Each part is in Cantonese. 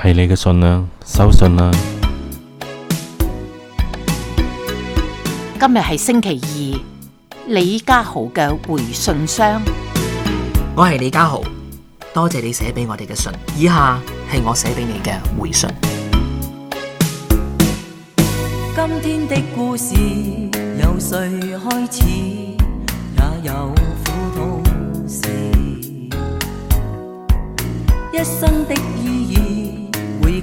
係你嘅信啦，收信啦。今日係星期二，李家豪嘅回信箱。我係李家豪，多謝你寫俾我哋嘅信，以下係我寫俾你嘅回信。今天的故事由誰開始，也有苦痛事，一生的。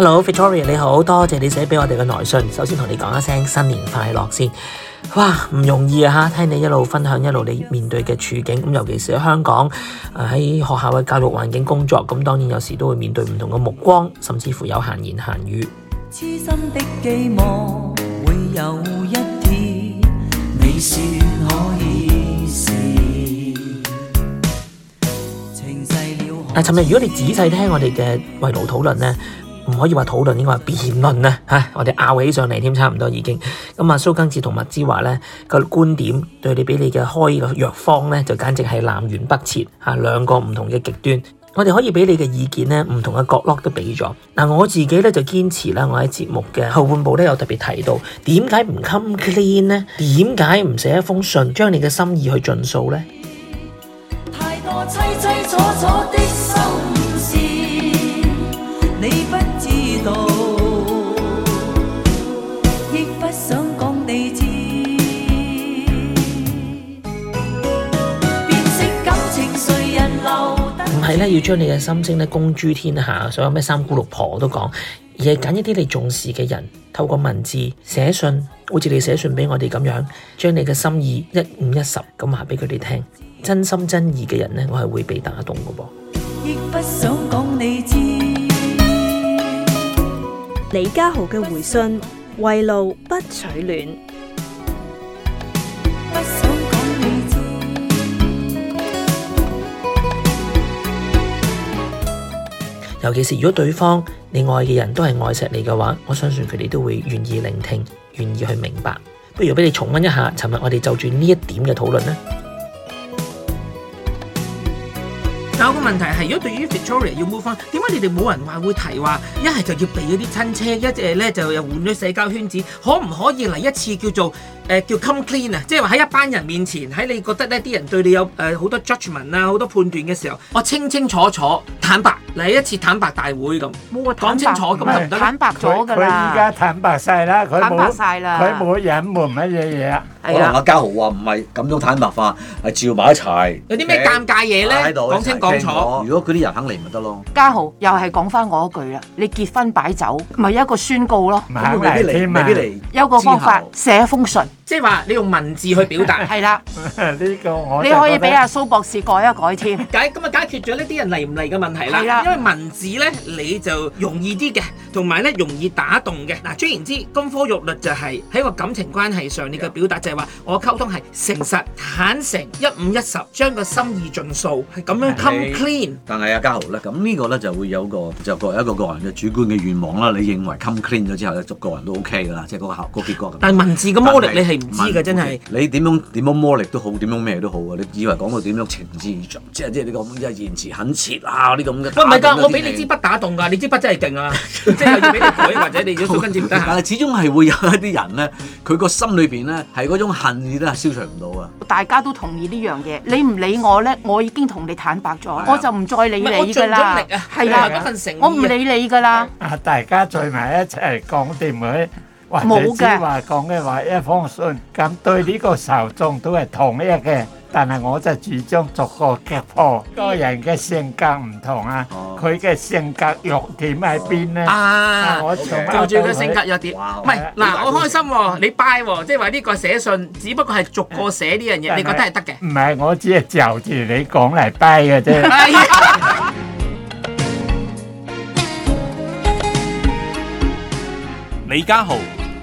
Hello，Victoria，你好，多謝你寫俾我哋嘅來信。首先同你講一聲新年快樂先。哇，唔容易啊！吓，聽你一路分享，一路你面對嘅處境。咁尤其是喺香港，喺學校嘅教育環境工作，咁當然有時都會面對唔同嘅目光，甚至乎有閒言閒語。痴心的寄望會有一天，你算可以是情逝了。但係尋日，如果你仔細聽我哋嘅圍爐討論呢。唔可以話討論，應該話辯論啊！嚇，我哋拗起上嚟添，差唔多已經咁啊！蘇更治同麥芝華咧個觀點，對你俾你嘅開個藥方咧，就簡直係南轅北轍嚇，兩個唔同嘅極端。我哋可以俾你嘅意見咧，唔同嘅角落都俾咗。嗱，我自己咧就堅持啦，我喺節目嘅後半部咧有特別提到，點解唔 come clean 咧？點解唔寫一封信，將你嘅心意去盡數咧？係咧，要將你嘅心聲公諸天下，所有咩三姑六婆都講，而係揀一啲你重視嘅人，透過文字寫信，好似你寫信俾我哋咁樣，將你嘅心意一五一十咁話俾佢哋聽。真心真意嘅人呢，我係會被打動噶噃。亦不想講你知，李家豪嘅回信：為路不取暖。尤其是如果對方你愛嘅人都係愛錫你嘅話，我相信佢哋都會願意聆聽，願意去明白。不如俾你重溫一下，尋日我哋就住呢一點嘅討論呢。有個問題係，如果對於 Victoria 要 move on，點解你哋冇人話會提話？一係就要避嗰啲親戚，一隻咧就又換咗社交圈子，可唔可以嚟一次叫做？誒叫 come clean 啊，即係話喺一班人面前，喺你覺得呢啲人對你有誒好多 judgment 啊，好多判斷嘅時候，我清清楚楚、坦白，嚟一次坦白大會咁，講清楚咁就坦白咗㗎啦。佢佢依家坦白曬啦，坦白曬啦，佢冇隱瞞乜嘢嘢。可能阿家豪話唔係咁樣坦白化，係照埋一齊。有啲咩尷尬嘢咧？講清講楚。如果嗰啲人肯嚟咪得咯。家豪又係講翻我一句啦，你結婚擺酒咪一個宣告咯，未必嚟，未必嚟。有個方法，寫封信。即係話你用文字去表達係啦 了，呢個我你可以俾阿蘇博士改一改添，解咁啊解決咗呢啲人嚟唔嚟嘅問題啦，了因為文字咧你就容易啲嘅，同埋咧容易打動嘅嗱、啊。雖然之金科玉律就係、是、喺個感情關係上，你嘅表達就係話我溝通係誠實坦誠、一五一十，10, 將個心意盡數係咁樣 come clean。但係阿家豪咧，咁呢個咧就會有個就各一個個人嘅主觀嘅願望啦。你認為 come clean 咗之後咧，逐個人都 OK 㗎啦，即係嗰個效嗰結果。但係文字嘅魔力是，你係唔知嘅真係，你點樣點樣魔力都好，點樣咩都好啊！你以為講到點樣情之重，即係即係你講即係言辭懇切啊！啲咁嘅，唔係㗎，我俾你支筆打動㗎，你支筆真係勁啊！ 即係要俾你改，或者你如果冇根。但係始終係會有一啲人咧，佢個心裏邊咧係嗰種恨意都係消除唔到啊！大家都同意呢樣嘢，你唔理我咧，我已經同你坦白咗，啊、我就唔再理你㗎啦。乜盡咗力了啊？係啦，份我唔理你㗎啦。大家聚埋一齊講掂佢。或者冇話講嘅話一封信，咁對呢個受眾都係同樣嘅，但係我就主張逐個擊破，個人嘅性格唔同啊，佢嘅性格弱點喺邊呢？啊，我就住佢性格弱點，唔係嗱，我開心喎，你掰喎，即係話呢個寫信，只不過係逐個寫呢樣嘢，你覺得係得嘅？唔係，我只係就住你講嚟掰嘅啫。李家豪。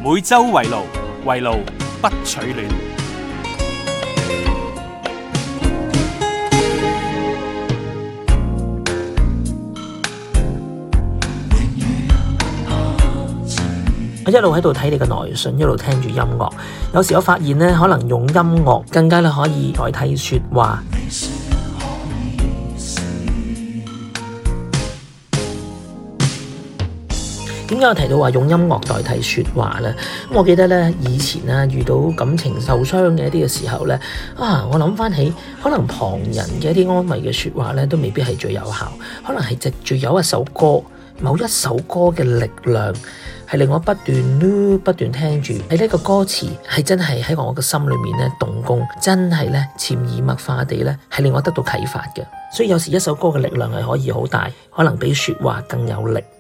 每周圍爐，圍爐不取暖。我一路喺度睇你嘅內信，一路聽住音樂。有時我發現呢，可能用音樂更加可以代替說話。點解我提到話用音樂代替說話呢？我記得呢，以前啊遇到感情受傷嘅一啲嘅時候呢，啊我諗翻起，可能旁人嘅一啲安慰嘅說話呢都未必係最有效，可能係藉住有一首歌、某一首歌嘅力量，係令我不斷 loop、不斷聽住，喺呢個歌詞係真係喺我嘅心裏面咧動工，真係咧潛移默化地咧係令我得到啟發嘅。所以有時一首歌嘅力量係可以好大，可能比說話更有力。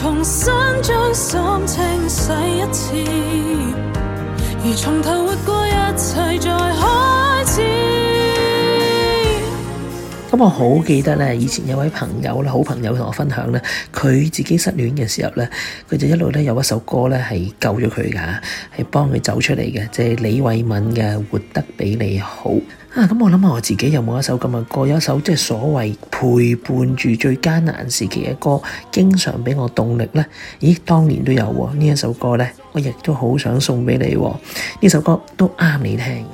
重新將心情洗一次，而重頭活過一切再開始。咁我好記得咧，以前有位朋友好朋友同我分享咧，佢自己失戀嘅時候呢，佢就一路咧有一首歌呢係救咗佢噶，係幫佢走出嚟嘅，即係李慧敏嘅《活得比你好》。啊，咁我諗下我自己有冇一首咁嘅歌，有一首即係所謂陪伴住最艱難時期嘅歌，經常俾我動力呢？咦，當年都有喎。呢一首歌呢，我亦都好想送俾你。呢首歌都啱你聽。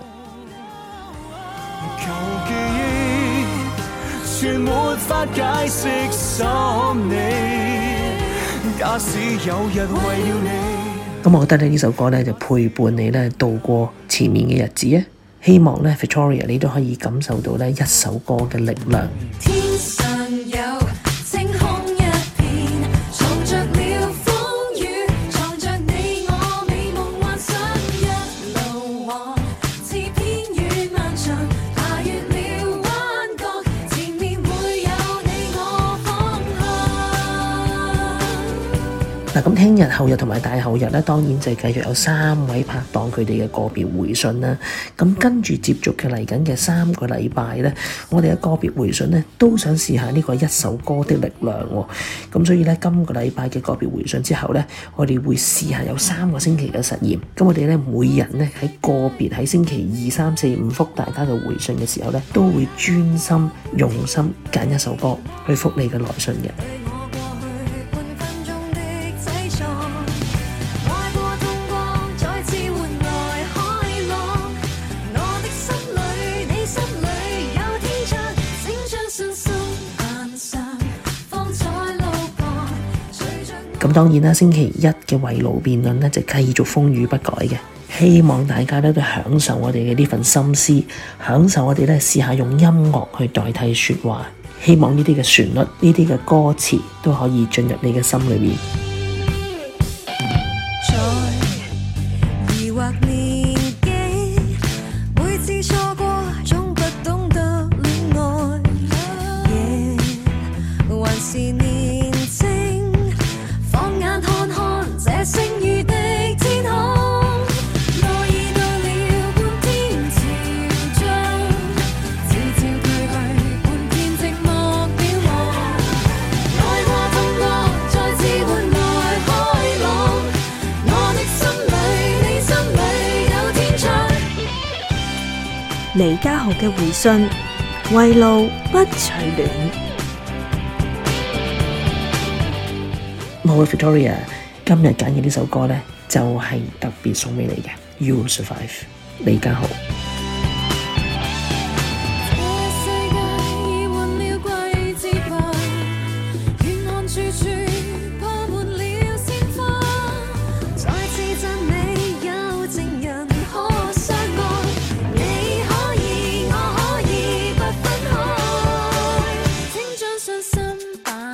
求記憶，全沒法解釋。想你，若是有人為了你，咁我覺得咧呢呢首歌呢，就陪伴你呢度過前面嘅日子呢希望呢 Victoria 你都可以感受到呢一首歌嘅力量。咁聽日後日同埋大後日咧，當然就係繼續有三位拍檔佢哋嘅個別回信啦。咁跟住接續佢嚟緊嘅三個禮拜咧，我哋嘅個別回信咧都想試下呢個一首歌的力量喎。咁所以咧，今個禮拜嘅個別回信之後咧，我哋會試下有三個星期嘅實驗。咁我哋咧，每人咧喺個別喺星期二、三、四、五覆大家嘅回信嘅時候咧，都會專心用心揀一首歌去覆你嘅來信嘅。當然啦，星期一嘅圍爐辯論呢就繼續風雨不改嘅，希望大家咧都享受我哋嘅呢份心思，享受我哋呢試下用音樂去代替説話，希望呢啲嘅旋律、呢啲嘅歌詞都可以進入你嘅心裏面。李家豪嘅回信，為路不取暖。冇啊，Victoria，今日揀嘅呢首歌咧，就係特別送俾你嘅。You'll Survive，李家豪。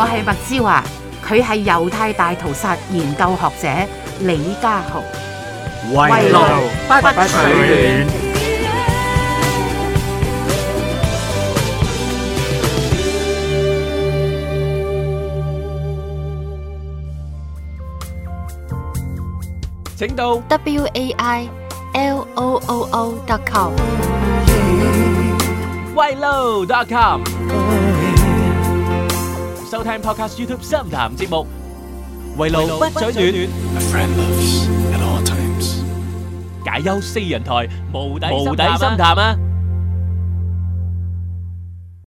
我係麥之華，佢係猶太大屠殺研究學者李家豪。慰露不取亂。請到 wailoo.com。wailoo.com。收聽 Podcast YouTube 深談節目。彎路不走短，解憂四人台，無底深談啊！